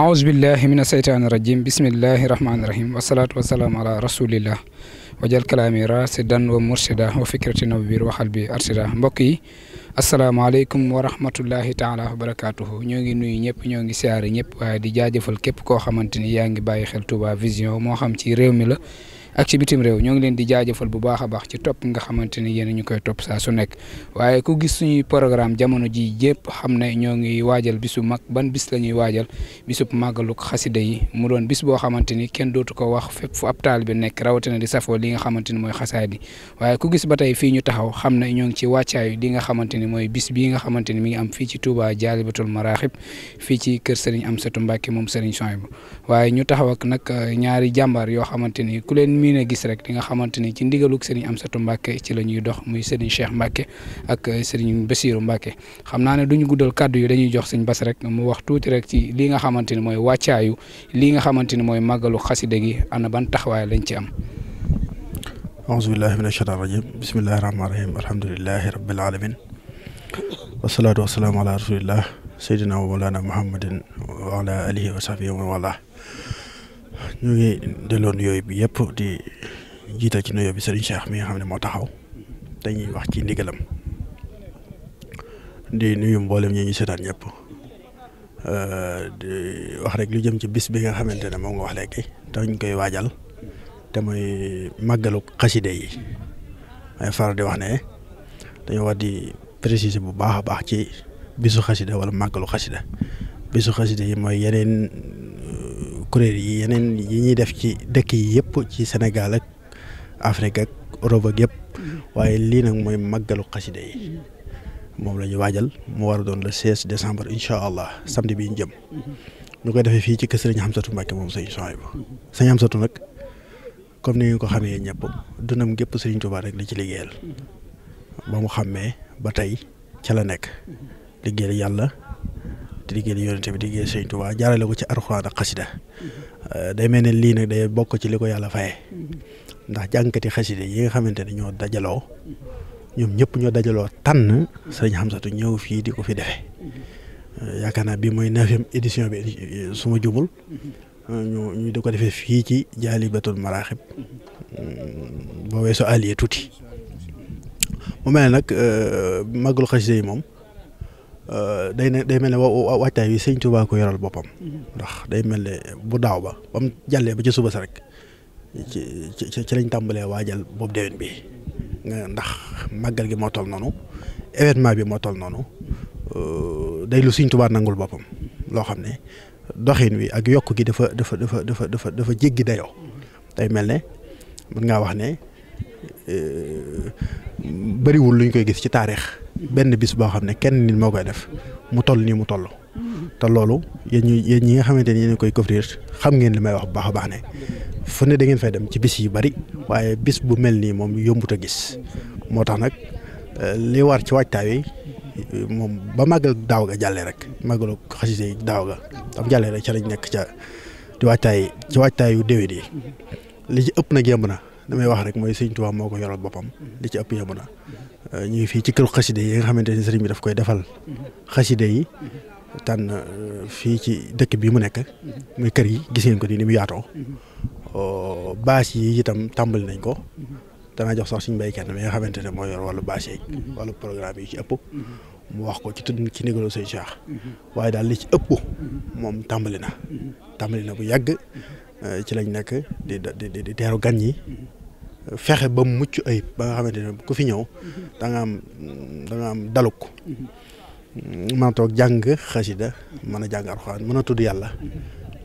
aousubillahi min asheytaani irajim bismillahi rahmaanirahim wasalaatu wasalaamu ala rasulillah wajal kalaami rasidan wa mursida wa fikrati naw biir waxal bi arsida mbokk yi asalaamaaleykum wa rahmatullahi taala wa barakatuhu ñoo ngi nuyu ñëpp ñoo ngi siyaare ñëpp waaye di jaajëfal képp koo xamante ni yaa ngi bàyyi xel Touba Vision moo xam ci réew mi la ak ci bitim réew ñoo ngi leen di jaajëfal bu baax a baax ci topp nga xamante ni yéen ñu koy topp saa su nekk waaye ku gis suñuy programme jamono ji yëpp xam ne ñoo ngi waajal bisu mag ban bis la ñuy waajal bisub màggalu mu doon bis boo xamante ni kenn dootu ko wax fépp fu ab taal bi nekk rawatina di safoo li nga xamante ni mooy xasaayid yi waaye ku gis ba tey fii ñu taxaw xam na ñoo ngi ci wàccaayu li nga xamante ni mooy bis bii nga xamante ni mi ngi am fii ci Touba Jaalibatul Maraaxib fii ci kër Serigne Amsatou Mbacke moom Serigne Souhaïbou waaye ñu taxaw ak nag eh, ñaari jàmbaar yoo xamante ni ku leen miin a gis rek di nga xamante ni ci ndigalug sëriñ Amsatu Mbàkke ci la ñuy dox muy sëriñ Cheikh Mbàkke ak sëriñ basiru Mbàkke xam naa ne duñu guddal kàddu yi dañuy jox sëñ Bass rek mu wax tuuti rek ci lii nga xamante ni mooy wàccaayu lii nga xamante ni mooy màggalu xasida gi ana ban taxawaay lañ ci am aousubillahi mina shaytaan rajim bismillahi rahmaani rahim alhamdulilahi rabbil alamin wasalaatu wasalaamu ala rasulillah seydina wa mawlana muhammadin wa ala alihi wa sahbihi wa man walah ñu ngi delloo nuyoo bi yëpp di jiital ci nuyoo bi sëriñ Cheikh mi nga xam ne moo taxaw dañuy wax ci ndigalam di nuyu mboolem ñu ñu seetaan ñëpp euh, di wax rek lu jëm ci bis bi nga xamante ne moom nga wax léegi dañ koy waajal te mooy màggalu xaside yi di wax ne dañoo war di préciser bu baax a baax ci bisu xaside wala màggalu xaside yi mooy yeneen. kuréel yi yeneen yi ñuy def ci dëkk yi yëpp ci Sénégal ak Afrique ak Europe ak yëpp mm-hmm. waaye lii nag mooy màggalu xaside yi mm-hmm. moom la waajal mu war a doon le 16 décembre incha allah mm-hmm. samedi bi ñu jëm ñu koy defee fii ci kër Serigne Hamsatou Mbacké moom sëñ Souhaïbou sëñ Hamsatou nag comme ni nga ko xamee ñëpp dundam gépp Serigne Touba rek la ci liggéeyal ba mu xàmmee ba tey ca la nekk liggéeyal yàlla liggéey la yonent bi liggéey sëñ Tuubaa jaarale ko ci arxuraan ak xasida eh, day mel ne lii nag day bokk ci li ko yàlla faye ndax jànkati xasida yi nga xamante ne ñoo dajaloo ñoom ñëpp ñoo dajaloo tànn sëñ Hamsatu ñëw fii di ko fi defe eh, yaakaar naa bi mooy neuvième édition bi su ma jumul ñu di ko defee fii ci jaalibatul maraaxib mm, boo weesoo allié tuuti mu mel nag eh, màggul xasida yi moom Euh, day ne day mel ne waajtaay wi sëñ Tuubaa yoral boppam. ndax day mel ne bu daaw ba ba mu jàllee ba ca suba sa rek ci ci ci lañ tàmbalee waajal boobu déwén bi ndax màggal gi moo toll noonu événement bi moo toll noonu euh, day lu sëñ Tuubaa nangul boppam loo xam ne doxin wi ak yokk gi dafa dafa dafa dafa dafa dafa jéggi dayoo day mel ne mën ngaa wax ne. Euh, bëriwul luñ koy gis ci taarix benn bis boo xam ne kenn nit moo koy def mu toll nii mu toll te loolu yéen ñi yéen ñi nga xamante ne yéen koy couvrir xam ngeen li may wax bu baax a baax ne fu ne da ngeen fay dem ci bis yu bari waaye bis bu mel nii moom yombut a gis moo tax nag euh, li war ci waajtaay yi euh, moom ba màggal daaw ga jàllee rek màggalu xasida daaw ga tam jàllee rek ca lañ nekk ca di waajtaay ci waajtaay yu déwén yi li ci ëpp na yemb na li wax rek mooy sëñ Tuubaa moo ko yoral boppam li ci ëpp yemu na ñu ngi fii ci këru xaside yi nga xamante ni sëriñ bi daf koy defal xaside yi tànn euh, fii ci dëkk bii mu nekk muy kër yi gis ngeen ko nii ni mu yaatoo euh, bâche yi itam tàmbali nañ ko danaa jox sax suñu béykat mi nga xamante ne mooy yor wàllu bâche yi wàllu programme yi ci ëpp mu wax ko ci tudd ci ndigalu sëñ Cheikh waaye daal li ci ëpp moom tàmbali na tàmbali na bu yàgg euh, ci lañ nekk di di di teeru gan yi fexe ba mu mucc ayib ba nga xamante ne ku fi ñëw mhm. danga am da am daluk mhm. mën a toog jàng xasida mën a jàng alxuraan mën a tudd yàlla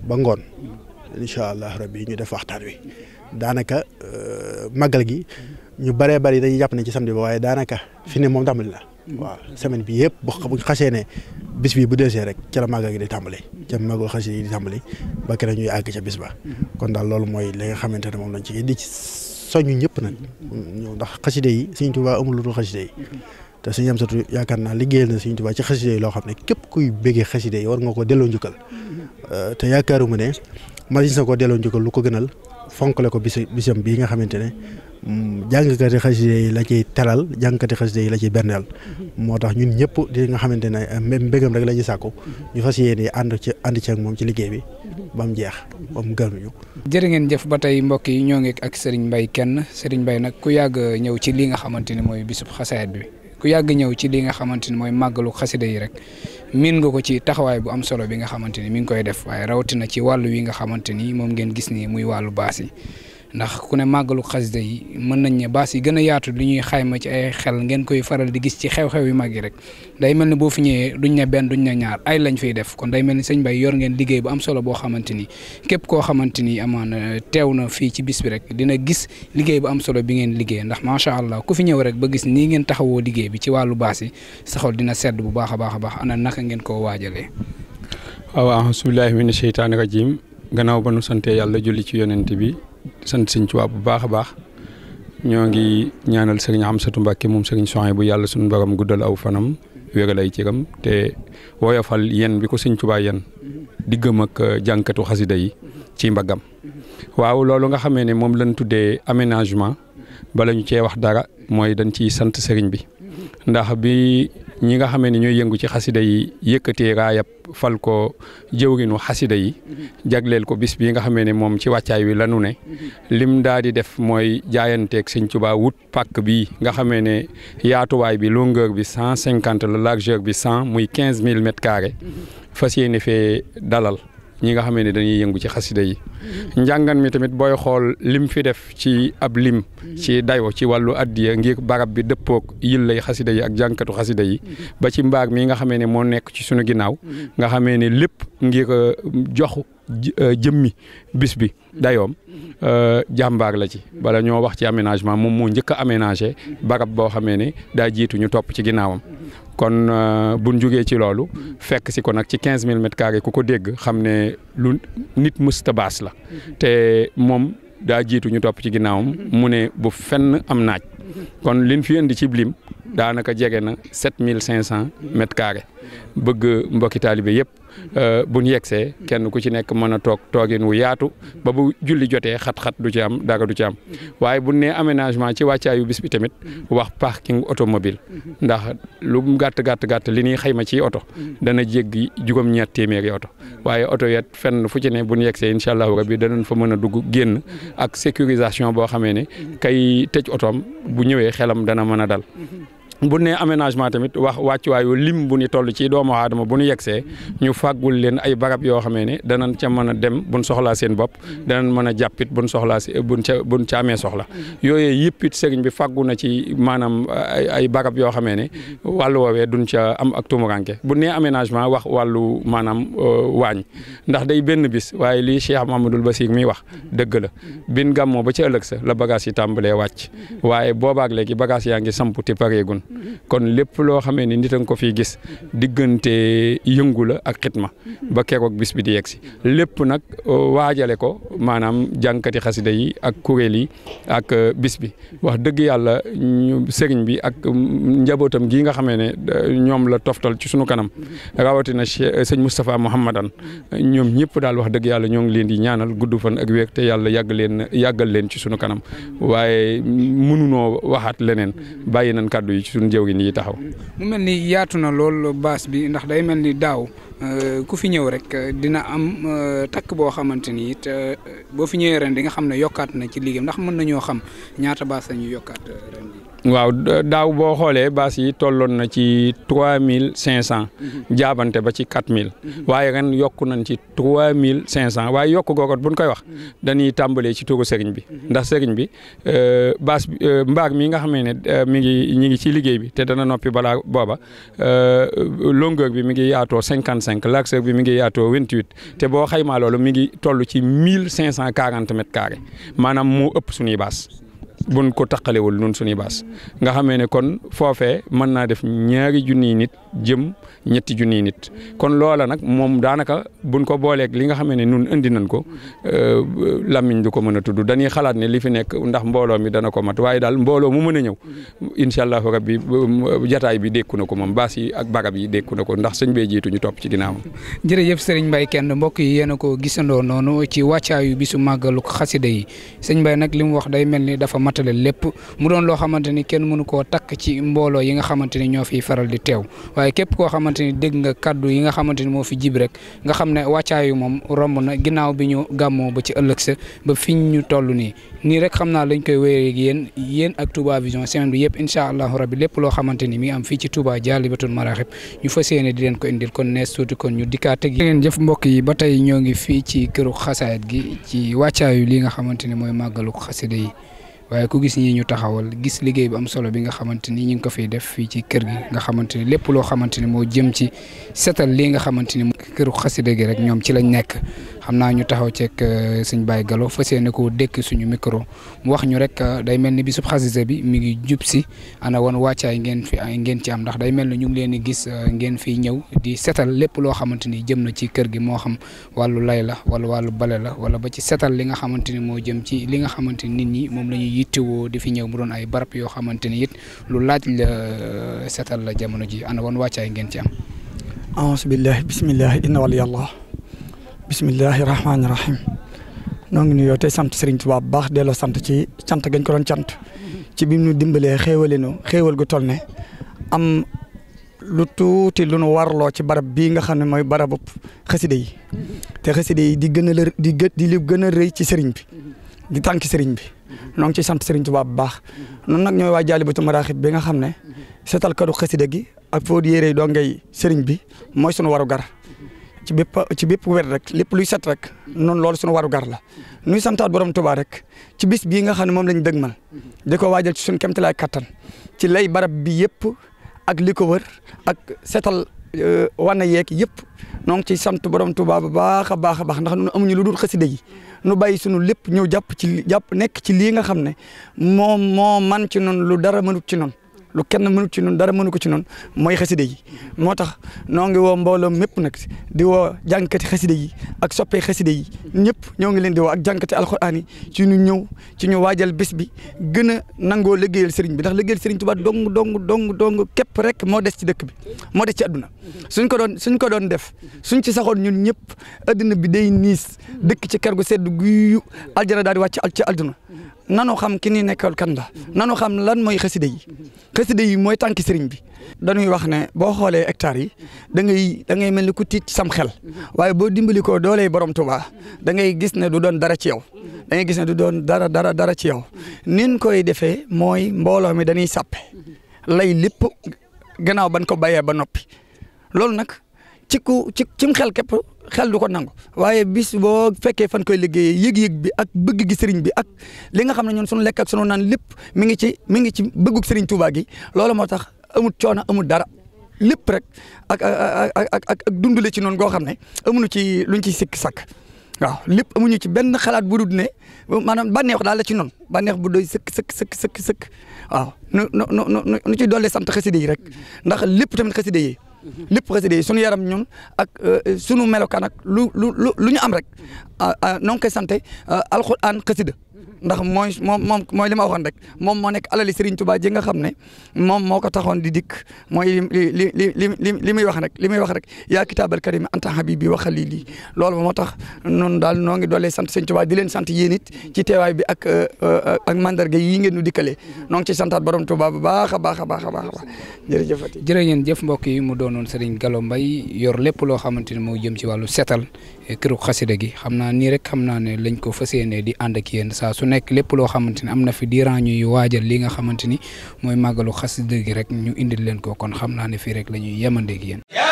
ba ngoon mhm. incha allah rabbi ñu def waxtaan wi daanaka euh, màggal gi ñu bëree bëri dañuy jàpp ne ci samedi ba waaye daanaka fi ne moom tàmbali la waaw semaine bi yëpp bu xasee ne bis bi bu desee rek ca la màggal gi di tàmbali ca màggal xasida yi di tàmbali ba keneen ñuy àgg ca bis ba kon daal loolu mooy li nga xamante ne moom lañ ci di ci soññu ñëpp nag ndax xaside yi Sëriñ Tuubaa amul lu dul xaside yi te Sëriñ Amsatu yaakaar naa liggéeyal na Sëriñ Tuubaa ci xaside yi loo xam ne képp kuy béggee xaside yi war nga ko delloo njukkal euh, te yaakaaruma ne maris na ko delloo njukkal lu ko gënal fonkale ko bis bisam bii nga xamante ne mm, jàngkati xaside yi la ciy teral jàngkati xaside yi la ciy berneel moo tax ñun ñëpp di nga xamante ne mbégam rek la ñuy sàkku ñu fas yéene ànd ci ànd ci moom ci liggéey bi ba jeex ba mu gënuñu. jërë ngeen jëf ba tey mbokk yi ñoo ngi ak Serigne mbay kenn Serigne Mbaye nag ku yàgg ñëw ci lii nga xamante ni mooy bisub xasaayat bi ku yàgg ñëw ci li nga xamante ni mooy màggalu xasida yi rek miin nga ko ci taxawaay bu am solo bi nga xamante ni mi ngi koy def waaye rawatina ci wàll wi nga xamante ni moom ngeen gis nii muy wàllu baas yi ndax ku ne màggalu xasida yi mën nañ ne baas yi gën a yaatu li ñuy xayma ci ay xel ngeen koy faral di gis ci xew-xew yu mag yi rek day mel ni boo fi ñëwee duñ ne benn duñ ne ñaar ay lañ fiy def kon day mel ni sëñ Bay yor ngeen liggéey bu am solo boo xamante ni képp koo xamante ni amaana euh, teew na fii ci bis bi rek dina gis liggéey bu am solo bi ngeen liggéey ndax macha allah ku fi ñëw rek ba gis nii ngeen taxawoo liggéey bi ci wàllu baas yi sa dina sedd bu baax a baax a baax ana naka ngeen koo waajalee waaw a'uuzu billaahi mina sheytaani rajiim gannaaw ba nu yàlla julli ci yonent bi sant sëñ Tuubaa bu baax a baax ñoo ngi ñaanal sëriñ Amsatu Mbàkke moom sëriñ Sohaybu bu yàlla suñu mbaram guddal aw fanam wéral ay ciram te woyofal yen bi ko sëñ Tuubaa yen diggam ak euh, jànkatu xasida yi ci mbaggam waaw loolu nga xamee ne moom lañ tuddee aménagement bala ñu cee wax dara mooy dañ ciy sant sëriñ bi ndax bi ñi nga xamee ne ñooy yëngu ci xasida yi yëkkatee raayab fal ko jëwrinu xasida yi mm-hmm. jagleel ko bis bi nga xamee ne moom ci wàccaay wi lanu ne mm-hmm. lim daa di def mooy jaayanteeg sëñ Tuubaa wut pàkk bi nga xamee ne yaatuwaay bi longueur bi cent cinquante la largeur bi cent muy quinze mille mètres carrés mm-hmm. fas yéene fee dalal ñi nga xamee ne dañuy yëngu ci xasida yi njàngan mi tamit booy xool lim fi def ci ab lim ci dayo ci wàllu addiya ngir barab bi dëppoog yil lay xasida yi ak jànkatu xasida yi ba ci mbaag mi nga xamee ne moo nekk ci sunu ginnaaw nga xamee ni lépp ngir euh, jox euh, jëmmi bis bi dayoom euh, jàmbaar la ci bala ñoo wax ci aménagement moom moo njëkk a aménagé barab boo xamee ne daa jiitu ñu topp ci ginnaawam kon euh, buñ jógee ci loolu fekk si ko nag ci quinze mille mètres carrés ku ko dégg xam ne lu nit mësta baas la te moom daa jiitu ñu topp ci ginnaawam mu ne bu fenn am naaj kon liñ fi indi ciblim lim daanaka jege na sept mille cinq cent mètres carrés bëgg mbokki taalibe yëpp Euh, bu ñu yegsee kenn ku ci nekk mën a toog toogin wu yaatu ba bu julli jotee xat-xat du ci am daaga du ci am waaye bu nee aménagement ci wàccaayu bis bi tamit wax parking automobile ndax lu mu gàtt gàtt gàtt li ñuy xayma ci oto dana jéggi juróom-ñett téeméeri oto waaye oto yet fenn fu ci ne bu ñu yegsee incha allahu rabbi danañ fa mën a dugg génn ak sécurisation boo xamee ne kay tëj otoom bu ñëwee xelam dana mën a dal bu ne aménagement tamit wax wàccuwaayu lim bu ñu toll ci doomu aadama bu ñu yegsee ñu fàggul leen ay barab yoo xamee ne danañ ca mën a dem bu buñ soxlaa seen bopp dana mën a jàppit buñ soxlaa si buñ ca buñ ca amee soxla yooyu yëpp it bi fàggu na ci maanaam ay barab yoo xamee ne wàllu woowee duñ ca am ak bu nee aménagement wax wàllu maanaam euh, waañ ndax day benn bis waaye lii Cheikh ba Bassir mi wax dëgg la bin gàmmoo ba ci ëllëg sa la bagage yi tàmbalee wàcc waaye boobaak léegi bagage yaa ngi samp te pareegun kon lépp loo xamee ni nit a ko fi gis diggante yëngu la ak xitma ba keroog bis bi di yegg si lépp nag uh, waajale ko maanaam jànkati xasida yi ak kuréel yi ak uh, bis bi wax dëgg yàlla ñu sëriñ bi ak um, njabootam gii nga xamee ne uh, ñoom la toftal ci sunu kanam rawatina sëñ Moustapha Mouhamadan ñoom ñëpp daal wax dëgg yàlla ñoo ngi leen di ñaanal gudd fan ak wér te yàlla yàgg leen yàggal leen ci sunu kanam waaye mënunoo waxaat leneen bàyyi nañ kàddu yi ci suñu jëw gi nii taxaw. mu mel ni yaatu na lool baas bi ndax day mel ni daaw euh, ku fi ñëw rek euh, dina am euh, takk boo xamante ni it boo fi ñëwee ren di nga xam ne yokkaat na ci liggéeyam ndax mën nañoo xam ñaata baas lañuy ñuy yokkaat ren waaw daaw boo xoolee baas yi tolloon na ci trois mille cinq cent mhm. jaabante ba ci quatre mille mhm. waaye ren yokk nañ ci trois mille cinq cent waaye yokk googot buñ koy wax mhm. dañuy tàmbalee ci turu sëriñ bi ndax sëriñ bi euh, baas euh, mbaag mi nga xamee ne euh, mi ngi ñi ngi ci liggéey bi te dana noppi balaa booba longueur bi mi ngi yaatoo cinquante cinq largeur bi mi ngi yaatoo vingt huit te boo xaymaa loolu mi ngi toll ci mille cinq cent quarante mètres maanaam moo ëpp suñuy baas buñ ko taqalewul nun suñuy baas nga xamee ne kon foofee mën naa def ñaari junniy nit jëm ñetti junniy nit kon loola nag moom daanaka buñ ko booleek li nga xam ne nun indi nañ ko euh, làmmiñ du ko mën a tudd dañuy xalaat ne li fi nekk ndax mbooloo mi dana ko mat waaye daal mbooloo mu mën a ñëw incha allah bi euh, jataay bi dékku na ko moom baas yi ak bagab yi dékku na ko ndax sëñ bee jiitu ñu topp ci ginnaawam. jërëjëf Serigne mbay kenn mbokk yi yéen a ko gisandoo noonu ci wàccaayu bisu màggalu xasida yi sëñ mbay nag li mu wax day mel ni dafa matale lépp mu doon loo xamante ni kenn mënu koo takk ci mbooloo yi nga xamante ni ñoo fiy faral di waaye képp koo xamante ni dégg nga kaddu yi nga xamante ni moo fi jib rek nga xam ne wàccaayu moom romb na ginnaaw bi ñu gàmmoo ba ci ëllëg sa ba fiñ ñu toll nii nii rek xam naa lañ koy wéyee ak yéen yéen ak Touba Vision semaine bi yëpp incha allahu rabbi lépp loo xamante ni mi am fii ci Touba Jaalibatul Maraaxib ñu fa yéene di leen ko indil kon nees tuuti kon ñu dikkaat ak yéen jëf mbokk yi ba tey ñoo ngi fii ci këru xasaayit gi ci wàccaayu li nga xamante ni mooy màggalu xasida yi waaye ku gis ñi ñu taxawal gis liggéey bu am solo bi nga xamante ni ñu ngi ko fi def fii ci kër gi nga xamante ni lépp loo xamante ni moo jëm ci setal lii nga xamante ni këru xasida gi rek ñoom ci lañ nekk xam naa ñu taxaw ceeg euh, suñu bàyyi Gallo fa yéene koo dékk suñu micro mu wax ñu rek euh, day mel ni bisub xasida bi mu ngi jub si ana woon wàccaay ngeen fi ngeen ci am ndax day mel ni ñu ngi leen di gis euh, ngeen fiy ñëw di setal lépp loo xamante ni jëm na ci kër gi moo xam wàllu lay la wala wàllu bale la wala ba ci setal li nga xamante ni moo jëm ci li nga xamante nit ñi moom la ñuy yittewoo di fi ñëw mu doon ay barab yoo xamante ni it lu laaj setal la jamono ji ana woon wàccaay ci am. bisimilah rahmaani rahim noo ngi nuyoo tey sant Serigne Touba bu baax delloo sant ci cant gañ ko doon cant ci bi mu dimbalee xéewale nu xéewal gu toll ne am lu tuuti lu nu warloo ci barab bii nga xam ne mooy barabu xaside yi te xaside yi di gën a lër di gë gën a rëy ci Serigne bi di tànk Serigne bi noo ngi sant Serigne Touba bu baax noonu nag ñooy waa Jaalibatu Maraaxib bi nga xam ne seetal kadu xaside gi ak fóot yére doo ngay Serigne bi mooy sunu waru gar ci bépp ci bépp wér rek lépp luy set rek noonu loolu suñu waru gar la nuy santaat borom Tuubaa rek ci bis bii nga xam ne moom lañ dëgmal di ko waajal ci suñu kemtalaay kattan ci lay barab bi yëpp ak li ko wër ak setal euh, wana yeeg yëpp noo ci ciy sant borom Tuubaa bu baax a baax a baax ndax ñun amuñu lu dul xasida yi nu bàyyi sunu lépp ñëw jàpp ci jàpp nekk ci lii nga xam ne moom moo man ci noonu lu dara mënut ci noonu lu kenn mënu ci noonu dara mënu ko ci noonu mooy xaside yi moo tax noo ngi woo mbooloo mépp nag di woo jànkati xaside yi ak soppee xaside yi ñëpp ñoo ngi leen di woo ak jànkati alxuraan yi ci ñu ñëw ci ñu waajal bés bi gën a nangoo liggéeyal sëriñ bi ndax liggéeyal sëriñ Tuubaa dong dong dong dong képp rek moo des ci dëkk bi moo des ci àdduna suñ ko doon suñ ko doon def suñ ci saxoon ñun ñëpp àdduna bi day niis dëkk ci kër gu sedd daal di wàcc ci àdduna nanu xam ki ni nekkal kan la nanu xam lan mooy xasida yi xasida yi mooy tànki sëriñ bi dañuy wax ne boo xoolee hectares yi da ngay da ngay mel ni ku tiit sam xel waaye boo dimbali ko doolee borom Tuubaa da ngay gis ne du doon dara ci yow da ngay gis doon dara dara dara ci yow nin koy defee mooy mbooloo mi dañuy sappe lay lépp gannaaw ban ko bayee ba noppi loolu nag ci ku ci cim xel képp xel du ko nangu waaye bis boo fekkee fan koy liggéeyee yëg bi ak bëgg gi sëriñ bi ak li nga xam ne ñoon suñu lekk ak sunu naan lépp mi ngi ci mi ngi ci bëggug sëriñ Touba gi loolu moo tax amul coono amul dara lépp rek ak ak ak ak ci noon goo xam ne amuñu ci luñ ci sikk sakk waaw lépp amuñu ci benn xalaat bu dul ne maanaam bànneex daal la ci noonu bànneex bu doy sëkk sëkk sëkk sëkk sëkk waaw nu nu nu ci dolli sant xaside yi rek ndax lépp tamit xaside yi lépp xasida yi sunu yaram ñun ak euh, sunu melokaan ak lu lu lu ñu am rek ah, ah, noo ngi koy sante euh, alxuraan xasida ndax mooy moom moom mooy li ma waxoon rek moom moo nekk alali Serigne Touba ji nga xam ne moom moo ko taxoon di dikk mooy li li li li li muy wax rek li muy wax rek yaa kitaabal karim anta habibi wa xalili loolu moo tax noonu daal noo ngi doolee sant Serigne Touba di leen sant yéen it ci teewaay bi ak euh, euh, ak mandarga yi ngeen nu dikkalee noo ngi ci santaat borom Touba bu baax a baax a baax a baax jërëjëfati jërë jëf mbokk yi mu doonoon Serigne Gallo Mbaye yor lépp loo xamante ne moo jëm ci wàllu setal eh, këru xasida gi xam naa nii rek xam naa ne lañ ko fas yéene di ànd ak yéen saa su ne nekk lépp loo xamante ni am na fi diiran ñuy waajal li nga xamante ni mooy màggalu xasida gi rek ñu indil leen ko kon xam naa ne fii rek la ñuy yemandeeg yéen